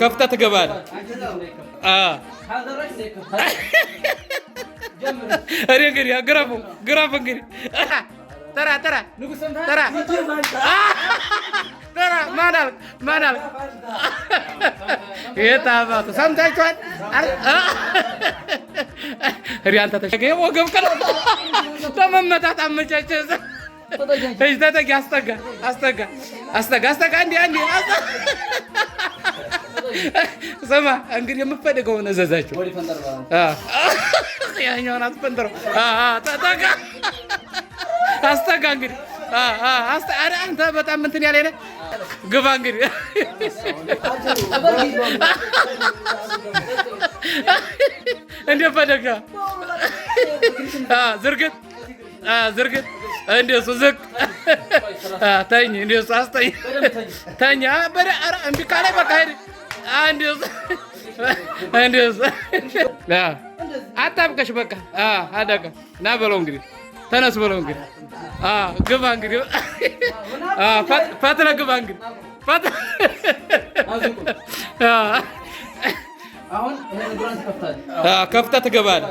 ከፍተህ ትገባለህ። እኔ እንግዲህ ግረፉ ግረፉ እንግዲህ ተራ ተራ ተራ ተራ ማን አልክ የታባቱ ሰምታችኋል። አንተ ተሸገ ወገብ ቀለ ለመመታት አመቻቸህ ተጠጊ አስጠጋ አስጠጋ አስጠጋ አስጠጋ እንዲ አንዲ ስማ እንግዲህ የምፈልገውን እዘዛቸው። ያኛውን አስፈንጥረው ጠጠጋ አስጠጋ እንግዲህ አንተ በጣም እንትን ያለ የለ ግባ እንግዲህ እንደ ዝርግት ዝርግት እንደሱ ዝቅ ተኝ፣ እንደሱ አስተኝ፣ ተኝ። በደ ኧረ እምቢ ካለኝ በቃ ሂድ። እንደሱ እንደሱ አጣብቀሽ በቃ አደቀ። ና በለው እንግዲህ፣ ተነስ በለው እንግዲህ። ግባ እንግዲህ፣ ፈትነ ግባ እንግዲህ። ከፍተህ ትገባለህ።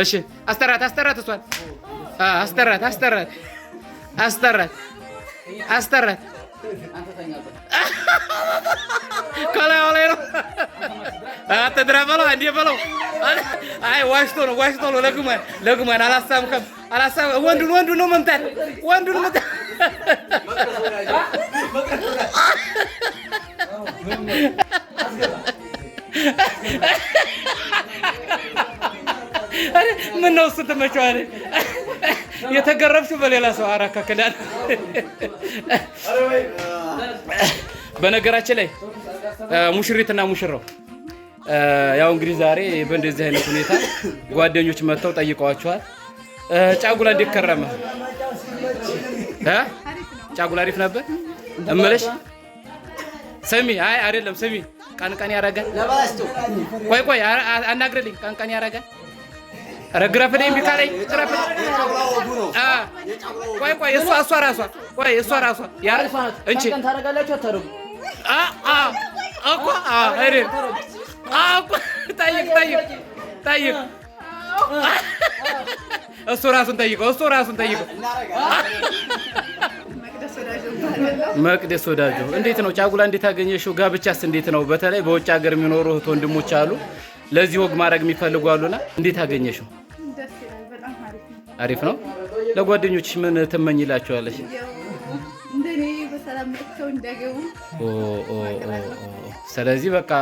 እሺ አስጠራት፣ አስጠራት፣ እሷን አስጠራት፣ አስጠራት፣ አስጠራት፣ አስጠራት። ከላይ ላይ ነው። አትድራ በለው፣ አንዴ በለው። አይ ዋሽቶ ነው፣ ዋሽቶ ነው። ለጉመን ለጉመን አላሳምከም፣ አላሳምከም። ወንዱን ወንዱን ነው መምታት፣ ወንዱን መምታት። ምነው እሱን ትመቸዋለች? የተገረብሽው በሌላ ሰው አራካ ክዳን። በነገራችን ላይ ሙሽሪትና ሙሽራው ያው እንግዲህ ዛሬ በእንደዚህ አይነት ሁኔታ ጓደኞች መጥተው ጠይቀዋቸዋል። ጫጉላ እንዴት ከረመ? ጫጉላ አሪፍ ነበር እምልሽ። ስሚ፣ አይ አይደለም፣ ስሚ ቀንቀን ቀን ያረገ ቆይ ቆይ አናግርልኝ። ቀን ቀን ያረገ ረግረፍልኝ ቢካለኝ ቆይ ቆይ እሷ እሷ ራሷ ቆይ እሷ ራሷ እንቺ ጠይቅ ጠይቅ ጠይቅ እሱ ራሱን ጠይቀው እሱ ራሱን ጠይቀው መቅደስ ወዳጆ እንዴት ነው ጫጉላ እንዴት አገኘሽው? ጋብቻስ እንዴት ነው? በተለይ በውጭ ሀገር የሚኖሩ እህት ወንድሞች አሉ ለዚህ ወግ ማድረግ የሚፈልጉ አሉና እንዴት አገኘሽው? አሪፍ ነው። ለጓደኞች ምን ትመኝላቸዋለሽ? ስለዚህ በቃ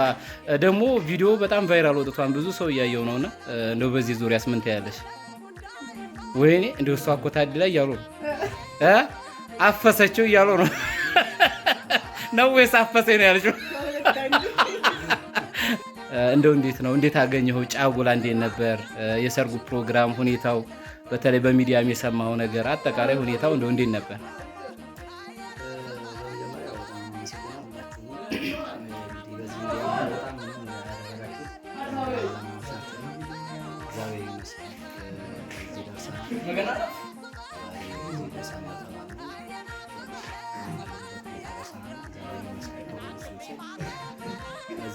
ደግሞ ቪዲዮ በጣም ቫይራል ወጥቷን ብዙ ሰው እያየው ነውና እንደው በዚህ ዙሪያስ ምን ትያለሽ? ወይኔ እንደው እሷ እኮ ታድላ እያሉ ነው አፈሰችው እያሉ ነው ነው ወይስ አፈሰ ነው ያለችው? እንደው እንዴት ነው እንዴት አገኘኸው? ጫጉላ እንዴት ነበር የሰርጉ ፕሮግራም ሁኔታው? በተለይ በሚዲያም የሰማው ነገር አጠቃላይ ሁኔታው እንደው እንዴት ነበር?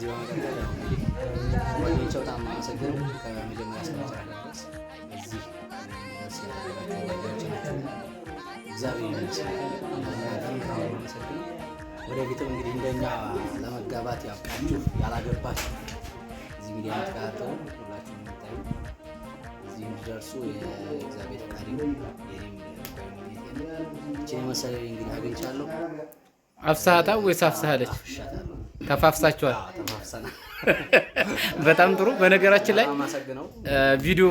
ከዚህ በመቀጠል ወይኔቸው ታማመሰግን ከመጀመሪያ ስራቸው ያለበት በዚህ እግዚአብሔር ወደፊትም እንግዲህ እንደኛ ለመጋባት ያብቃችሁ። ያላገባችሁ እዚህ ሚዲያ የምትከታተሉ ሁላችሁ የምታዩ እዚህ እንዲደርሱ የእግዚአብሔር ፈቃድ ይችን የመሰለ እንግዲህ አግኝቻለሁ። አፍሳሃታ ወይስ አፍሳሃለች? ተፋፍሳችኋል? ደርሰናል። በጣም ጥሩ። በነገራችን ላይ ቪዲዮ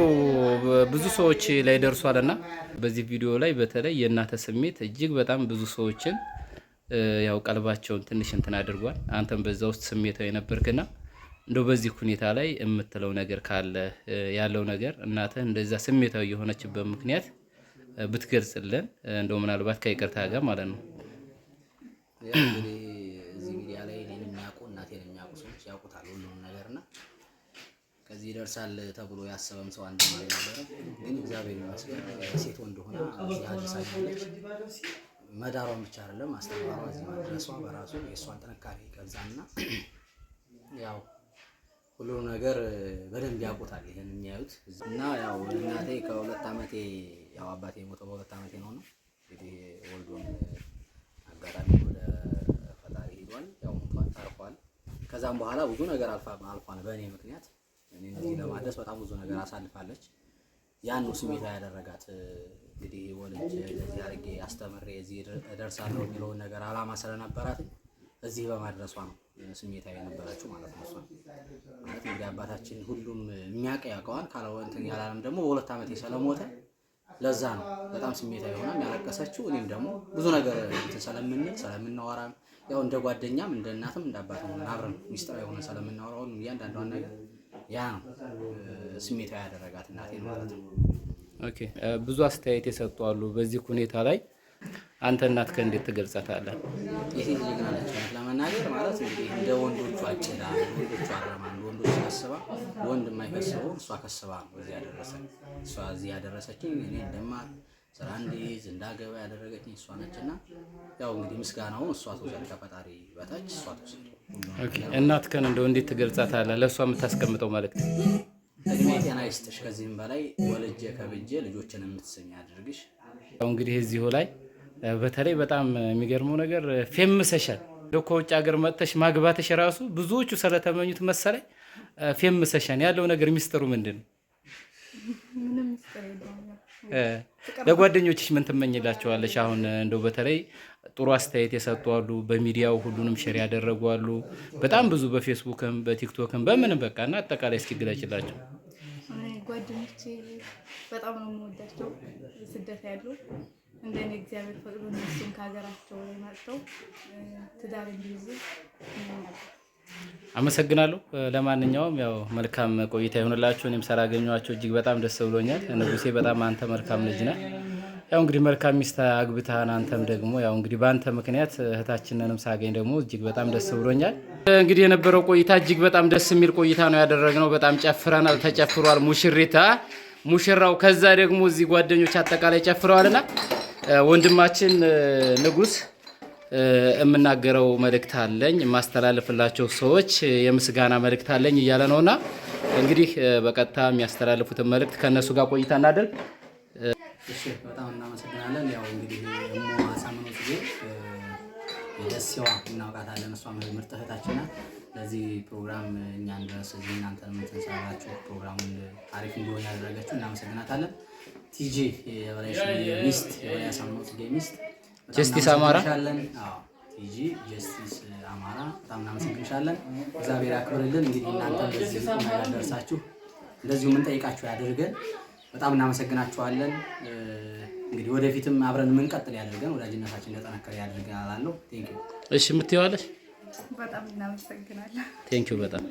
ብዙ ሰዎች ላይ ደርሷል እና በዚህ ቪዲዮ ላይ በተለይ የእናተ ስሜት እጅግ በጣም ብዙ ሰዎችን ያው ቀልባቸውን ትንሽ እንትን አድርጓል። አንተም በዛ ውስጥ ስሜታዊ ነበርክና እንደው በዚህ ሁኔታ ላይ የምትለው ነገር ካለ ያለው ነገር እናትህ እንደዛ ስሜታዊ የሆነችበት ምክንያት ብትገልጽልን እንደው ምናልባት ከይቅርታ ጋር ማለት ነው። እዚህ ይደርሳል ተብሎ ያሰበም ሰው አንድ ነው ነበረ። ግን እግዚአብሔር ይመስገን ሴት ወንድ ሆና እዚህ አድርሳኛለች። መዳሯን ብቻ አይደለም አስተማሯ እዚህ ማድረሷ በራሱ የእሷን ጥንካሬ ይገልጻልና ያው ሁሉ ነገር በደንብ ያውቁታል። ይህን የሚያዩት እና ያው እናቴ ከሁለት ዓመቴ ያው አባቴ የሞተው በሁለት ዓመቴ ነው ነው እንግዲህ ወልዶን አጋጣሚ ወደ ፈጣሪ ሄዷል። ያው ተርፏል። ከዛም በኋላ ብዙ ነገር አልፏል በእኔ ምክንያት እኔ እዚህ ለማድረስ በጣም ብዙ ነገር አሳልፋለች። ያን ነው ስሜታ ያደረጋት። እንግዲህ ወልጅ እንደዚህ አድርጌ አስተምሬ እዚህ እደርሳለሁ የሚለውን ነገር አላማ ስለነበራት እዚህ በማድረሷ ነው ስሜታ የነበረችው ማለት ነው። እሷ ማለት እንግዲህ አባታችን ሁሉም የሚያውቅ ያውቀዋል። ካለወንትን ያላለም ደግሞ በሁለት ዓመት ስለሞተ ለዛ ነው በጣም ስሜታ ሆና ያለቀሰችው። እኔም ደግሞ ብዙ ነገር ስለምንል ስለምናወራም ያው እንደ ጓደኛም እንደ እናትም እንደ አባትም አብረን ሚስጥራ የሆነ ስለምናወራ ሁሉም እያንዳንዷን ነገር ያ ስሜታዊ ያደረጋት እናቴን ማለት ነው። ኦኬ ብዙ አስተያየት የሰጡ አሉ። በዚህ ሁኔታ ላይ አንተ እናት ከእንዴት ትገልጻታለህ? ይህ ጀግና ለመናገር ማለት እንግዲህ እንደ ወንዶቹ አጭዳ ወንዶቹ አረማ ወንዶች ከስባ ወንድ የማይከስበው እሷ ከስባ ነው እዚህ ያደረሰ እሷ እዚህ ያደረሰችኝ እኔ እንደማር ስራ እንዲይዝ እንዳገባ ያደረገችኝ እሷ ነች። እና ያው እንግዲህ ምስጋናው እሷ ተውሰድ ከፈጣሪ በታች እሷ እናት ከን እንደው እንዴት ትገልጻታለህ? ለእሷ የምታስቀምጠው ማለት እድሜ ጤና ይስጥሽ፣ ከዚህም በላይ ወልጄ ከብጄ ልጆችን የምትሰኝ ያው እንግዲህ እዚሁ ላይ በተለይ በጣም የሚገርመው ነገር ፌምሰሻል። እንደው ከውጭ ሀገር መጥተሽ ማግባትሽ ራሱ ብዙዎቹ ስለተመኙት መሰለኝ ፌምሰሻል። ያለው ነገር ሚስጥሩ ምንድን ነው? ለጓደኞችሽ ምን ትመኝላቸዋለሽ? አሁን እንደው በተለይ ጥሩ አስተያየት የሰጡ አሉ፣ በሚዲያው ሁሉንም ሸር ያደረጉ አሉ። በጣም ብዙ በፌስቡክም በቲክቶክም በምንም በቃ እና አጠቃላይ እስኪ ግለጭላቸው። ጓደኞቼ በጣም ነው የምወዳቸው። ስደት ያሉ እንደ እኔ እግዚአብሔር ፈቅዶ እነሱም ከሀገራቸው ላይ መጥተው ትዳር እንዲይዙ አመሰግናለሁ። ለማንኛውም ያው መልካም ቆይታ ይሆንላችሁ። እኔም ስላገኘኋቸው እጅግ በጣም ደስ ብሎኛል። ንጉሴ በጣም አንተ መልካም ልጅ ነህ። ያው እንግዲህ መልካም ሚስት አግብተሃን አንተም ደግሞ ያው እንግዲህ በአንተ ምክንያት እህታችንንም ሳገኝ ደግሞ እጅግ በጣም ደስ ብሎኛል። እንግዲህ የነበረው ቆይታ እጅግ በጣም ደስ የሚል ቆይታ ነው ያደረግነው። በጣም ጨፍረናል፣ ተጨፍሯል። ሙሽሪታ ሙሽራው፣ ከዛ ደግሞ እዚህ ጓደኞች አጠቃላይ ጨፍረዋልና ወንድማችን ንጉስ የምናገረው መልእክት አለኝ የማስተላልፍላቸው ሰዎች የምስጋና መልእክት አለኝ እያለ ነው ነውና እንግዲህ በቀጥታ የሚያስተላልፉትን መልእክት ከእነሱ ጋር ቆይታ እናደርግ። በጣም እናመሰግናለን። ያው እንግዲህ እሞ አሳምነው ጽጌ የደሴዋ እናውቃታለን። እሷ ምርጥ እህታችን ናት። ለዚህ ፕሮግራም እኛን ድረስ እዚህ እናንተ ምትንሰራችሁ ፕሮግራሙ አሪፍ እንዲሆን ያደረገችው እናመሰግናታለን። ቲጂ የበላይ ሚስት የበላይ አሳምነው ጽጌ ሚስት ጀስቲስ አማራ ጂ ጀስቲስ አማራ በጣም እናመሰግንሻለን። እግዚአብሔር ያክብርልን። እንግዲህ እናንተ በዚህ ያደርሳችሁ፣ እንደዚሁ የምንጠይቃችሁ ያደርገን። በጣም እናመሰግናችኋለን። እንግዲህ ወደፊትም አብረን የምንቀጥል ያደርገን፣ ወዳጅነታችን እንደጠናከረ ያደርገን አላለሁ። እሺ፣ የምትይዋለሽ በጣም እናመሰግናለን። ቴንኪው በጣም